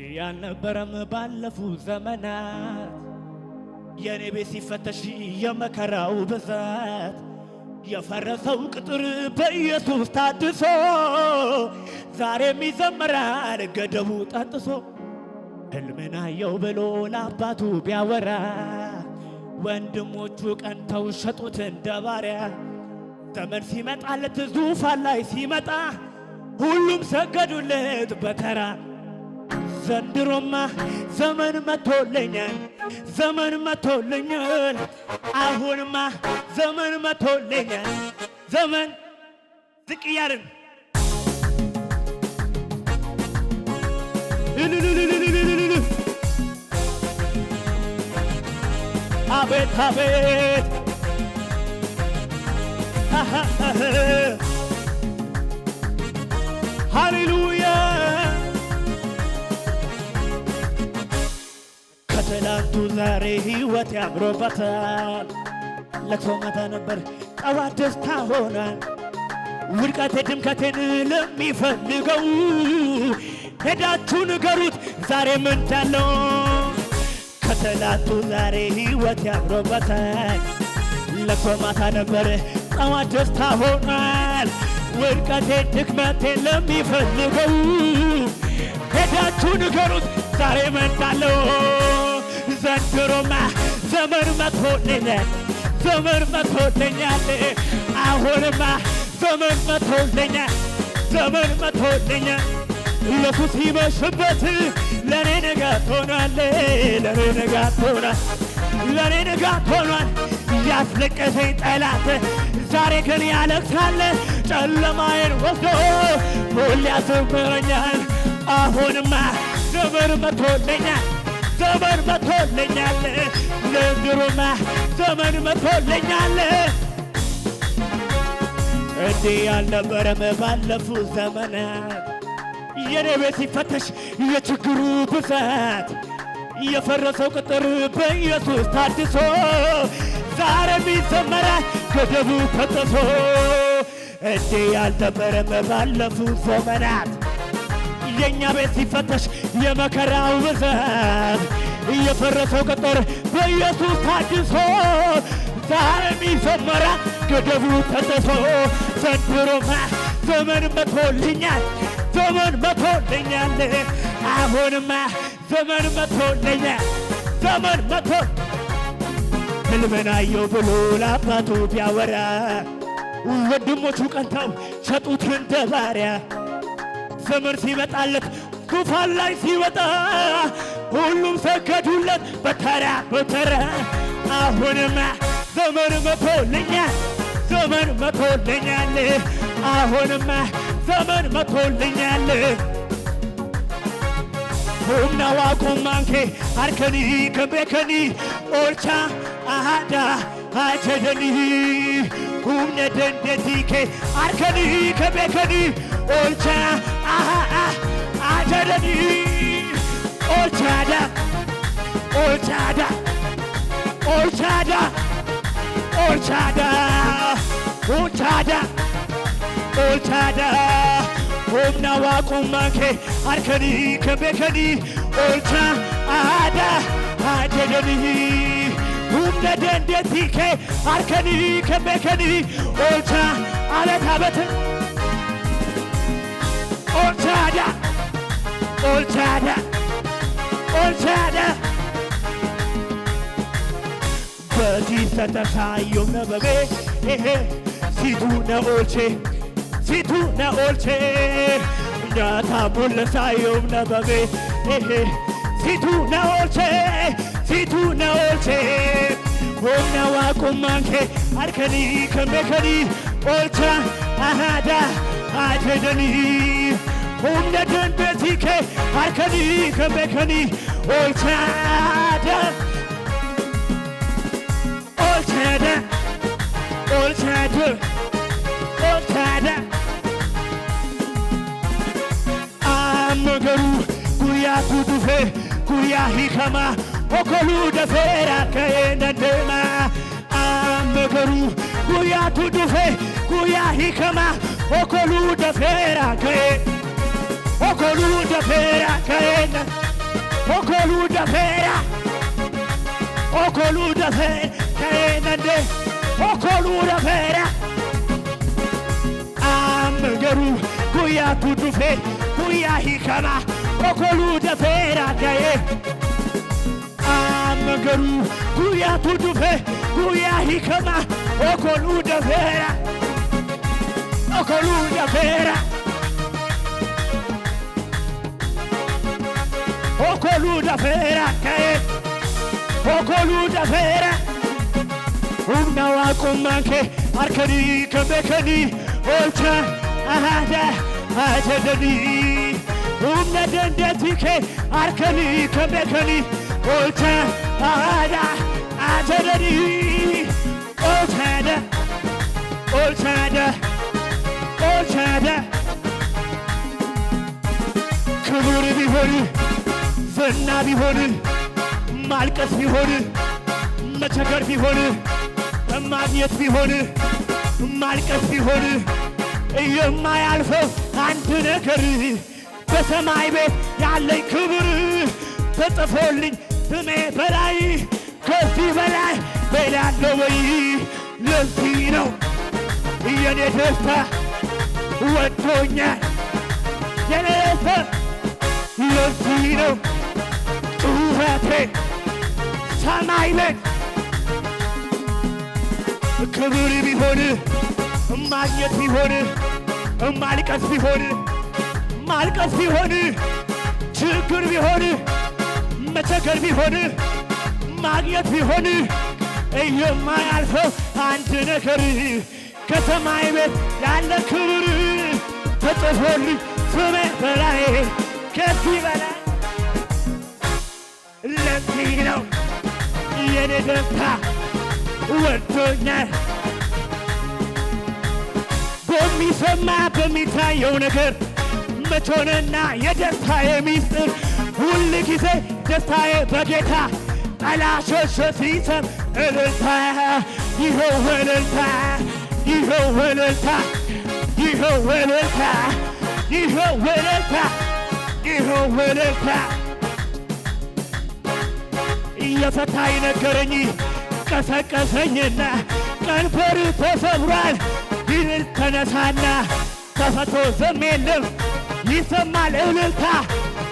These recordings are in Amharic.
እንዲህ ያልነበረም ባለፉ ዘመናት የኔ ቤት ሲፈተሽ የመከራው ብዛት የፈረሰው ቅጥር በኢየሱስ ታድሶ ዛሬም ይዘምራል ገደቡ ጠጥሶ ሕልምን አየው ብሎ ለአባቱ ቢያወራ ወንድሞቹ ቀንተው ሸጡት እንደ ባሪያ። ዘመን ሲመጣለት ዙፋን ላይ ሲመጣ ሁሉም ሰገዱለት በተራ ዘንድሮማ ዘመን መቶልኛል፣ ዘመን መቶልኛል። አሁንማ ዘመን መቶልኛል። ዘመን ዝቅ እያልን አቤት አቤት ሃሌሉያ ትላንቱ ዛሬ ህይወት ያምሮበታል። ለቅሶ ማታ ነበር ጠዋት ደስታ ሆናል። ውድቀቴ ድምቀቴን ለሚፈልገው ሄዳችሁ ንገሩት ዛሬ ምንዳለው ዳለው ከትላንቱ ዛሬ ህይወት ያምሮበታል። ለቅሶ ማታ ነበር ጠዋት ደስታ ሆናል። ውድቀቴ ድክመቴን ለሚፈልገው ሄዳችሁ ንገሩት ዛሬ ምን ዘንድሮማ ዘመን መቶልኛል፣ ዘመን መቶልኛል፣ አሁንማ ዘመን መቶልኛል፣ ዘመን መቶልኛል። ኢየሱስ ይመሽበት ለኔ ንጋት ሆኗል፣ ለኔ ንጋት ሆኗል፣ ንጋት ሆኗል። ያስለቀሰኝ ጠላት ዛሬ ግን ያለቅሳል፣ ጨለማዬን ወስዶ ያስምረኛል። አሁንማ ዘመን መቶልኛል ዘመን መቶልኛል፣ ዘንድሮማ ዘመን መቶልኛል። እንዲህ ያልነበረም ባለፉ ዘመናት የኔ ቤት ሲፈተሽ የችግሩ ብዛት የፈረሰው ቅጥር በኢየሱስ ታድሶ ዛሬም ይዘመራል ገደቡ ተጥሶ እንዲህ ያልነበረም ባለፉ ዘመናት የእኛ ቤት ሲፈተሽ የመከራው ብዛት እየፈረሰው ቀጠር በኢየሱስ ታድሶ ዛሬም ይዘመራል ገደቡ ተጥሶ ዘንድሮማ ዘመን መቶልኛል ዘመን መቶልኛል አሁንማ ዘመን መቶልኛል ዘመን መቶ ልመናየው ብሎ ለአባቱ ቢያወራ ወንድሞቹ ቀንተው ሸጡት እንደ ባሪያ ክምር ሲመጣልህ ዙፋን ላይ ሲወጣ ሁሉም ሰገዱለት በተራ በተራ። አሁንማ ዘመን መቶልኛል፣ ዘመን መቶልኛል። አሁንማ ዘመን መቶልኛል። ሁምናዋ ቁማንኬ አርከኒ ከቤከኒ ኦልቻ አሃዳ አጀደኒ ሁምነ ደንደቲኬ አርከኒ ከቤከኒ olcha aha adadani olchada olchada olchada olchada olchada olchada humna waaqummaakee harkanii kan beekanii olcha aadaa haa jedhanii humna dandeettii kee harkanii kan beekanii olcha alataa bataa. Olçada, olçada, olçada. በዚህ ሰተሳየው ነበቤ ሲቱ ነኦልቼ ሲቱ ነኦልቼ ያታሞለሳየውም ነበቤ ሲቱ ነኦልቼ ሲቱ ነኦልቼ ሆነዋ አርከኒ ከመከኒ ኦልቻ አሃዳ አጀደኒ ሁነደን በቲከ አርከኒ ከበከኒ ኦልቻደ ኦልቻደ ኦልቻደ ኦልቻደ አመገሩ ጉያ ጉዱፌ ጉያ ሂከማ ኦኮሉ ደፌራ ከየነደማ አመገሩ ጉያ ጉዱፌ ጉያ ሂከማ ኦኮሉ ደፌራ ከየ okoluda fera kaenda okoluda fera okoluda fera de, nde okoluda fera amgeru guya kudufe guya hikama okoluda fera kae amgeru guya kudufe guya hikama okoluda fera okoluda fera Okoluda fera kae Okoluda fera Umna wa kumanke arkani kebekani olta ahada ajadani Umna dendetike arkani kebekani olta ahada ajadani Oltada Oltada Oltada Kıvır bir bölüm ፍና ቢሆን ማልቀስ ቢሆን መቸገር ቢሆን ማግኘት ቢሆን ማልቀስ ቢሆን የማያልፈው አንድ ነገር በሰማይ ቤት ያለኝ ክብር ተጽፎልኝ ስሜ በላይ ከዚህ በላይ በላለው ወይ? ለዚህ ነው የኔ ደስታ ወዶኛል የኔ ደስታ ለዚህ ነው ፍሬ ሰማይ ቤት ክብር ቢሆን ማግኘት ቢሆን ማልቀስ ቢሆን ማልቀስ ቢሆን ችግር ቢሆን መቸገር ቢሆን ማግኘት ቢሆን የማያልፈው አንድ ነገር ከሰማይ ቤት ያለ ክብር ተጽፎልኝ ስሜ በላይ ከዚህ በላይ ለዚህ ነው የኔ ደስታ ወርቶኛል። በሚሰማ በሚታየው ነገር መቾንና የደስታ የሚስጥር ሁል ጊዜ ደስታዬ በጌታ አላሸሸ ሲሰም እልልታ ይኸው እልልታ ይኸው እልልታ ይኸው እልልታ ይኸው እልልታ ይኸው እልልታ እየፈታ ይነገረኝ ቀሰቀሰኝና ቀንበር ተሰብሯል ቢል ተነሳና ተፈቶ ዝም የለም ይሰማል እልልታ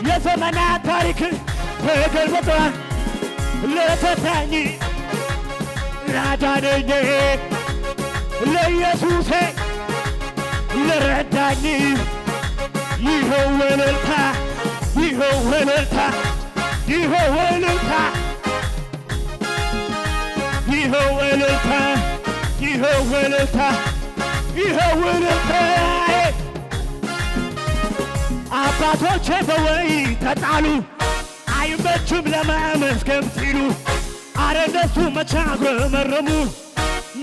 የዘመናት ታሪክ ተገልብጧል ለፈታኝ ላዳነኝ ለኢየሱሴ ለረዳኝ ይኸው እልልታ ይኸው እልልታ ይኸው እልልታ ይኸው ውለታ አባቶች ውለታ ተጣሉ አይመችም ለማመስገን ሲሉ አረ እነሱ መቼ አጉረመረሙ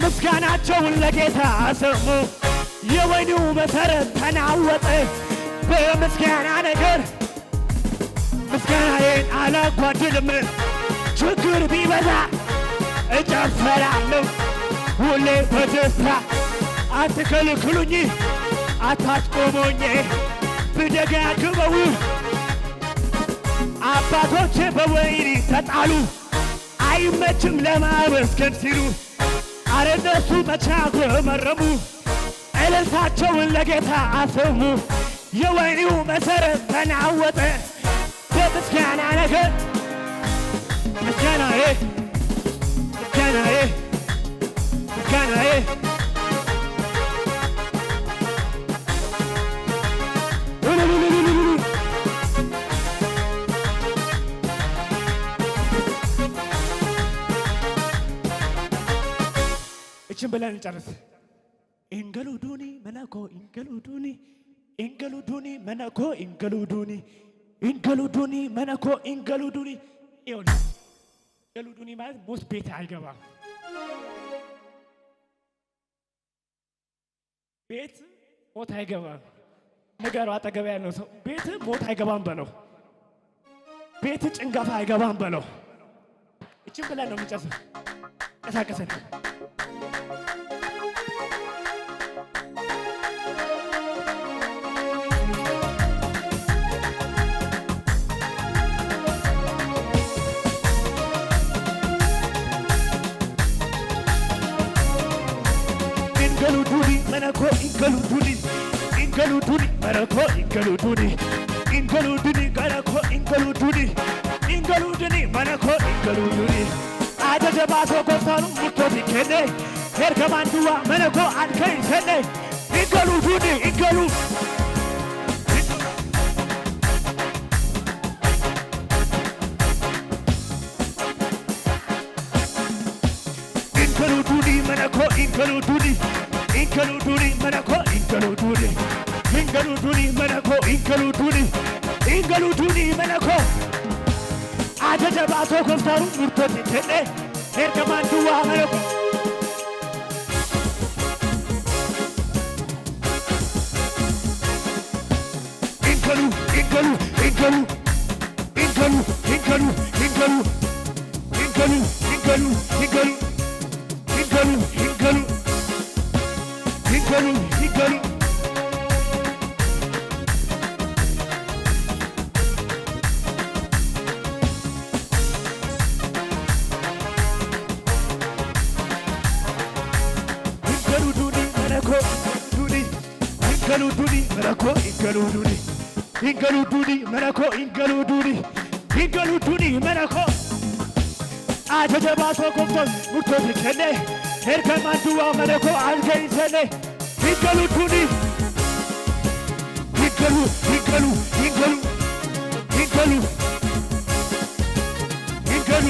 ምስጋናቸውን ለጌታ አሰሙ። የወይኒው መሰረት ተናወጠ በምስጋና ነገር ምስጋናዬን አላጓድልም ችግር ቢበዛ እጨፈራለሁ ሁሌ በደስታ አትከልክሉኝ፣ አታስቆሞኝ። ብደጋግመው አባቶቼ በወይኒ ተጣሉ አይመችም ለማመስገን ሲሉ አረ እነሱ መቻ ጎመረሙ እልልታቸውን ለጌታ አሰሙ። የወይኒው መሰረት ተናወጠ በምስጋና ነገር ምስጋናዬ ምስጋናዬ እችን ብለን እንጨርስ። እንገሉ ዱኒ መነኮ እንገሉ ዱኒ እንገሉ ዱኒ መነኮ እንገሉ ዱኒ እንገሉ ዱኒ መነኮ እንገሉ ዱኒ ይኸውልህ እንገሉ ዱኒ ማለት ሞት ቤት አይገባም። ቤት ሞት አይገባም። ነገሩ አጠገብ ያለው ሰው ቤት ሞት አይገባም በለው። ቤት ጭንጋፋ አይገባም በለው። እችም ብለን ነው የምንጨርሰው። ቀሳቀሰን መረኮ ኢንገሉዱኒ ኢንገሉዱኒ መረኮ ኢንገሉዱኒ ኢንገሉዱኒ ገረኮ ኢንገሉዱኒ ኢንገሉዱኒ መረኮ ኢንገሉዱኒ አደጀ ባሶ ጎፍታኑ ሙቶት ይኬኔ ሄርከማንዱዋ መረኮ አድከ ይሰኔ ኢንገሉዱኒ ኢንገሉ ኢንገሉዱኒ መረኮ ኢንገሉዱኒ ఇంకలుటుని మనకో ఇంకలుటుని ఇంకలుటుని మనకో ఇంకలుటుని ఇంకలుటుని మనకో አጀጀባቶ ኮፍታሩ ሙርቶት ይችለ ኤርከማን ድዋ መለኩ ኢንከሉ ኢንከሉ ኢንከሉ ኢንከሉ ኢንከሉ ኢንከሉ ኢንከሉ ኢንከሉ ኢንከሉ ኢንከሉ ኢንከሉ قالوا قالوا قالوا دوني انا كو دوني قالوا دوني انا كو قالوا دوني قالوا دوني انا كو قالوا دوني قالوا دوني انا كو ajaja baasoo qoftoon murtoofi kenne erga maanduwaa mana koo algee isenne ይገሉቱኒ ይገሉ ይገሉ ይገሉ ይገሉ ይገሉ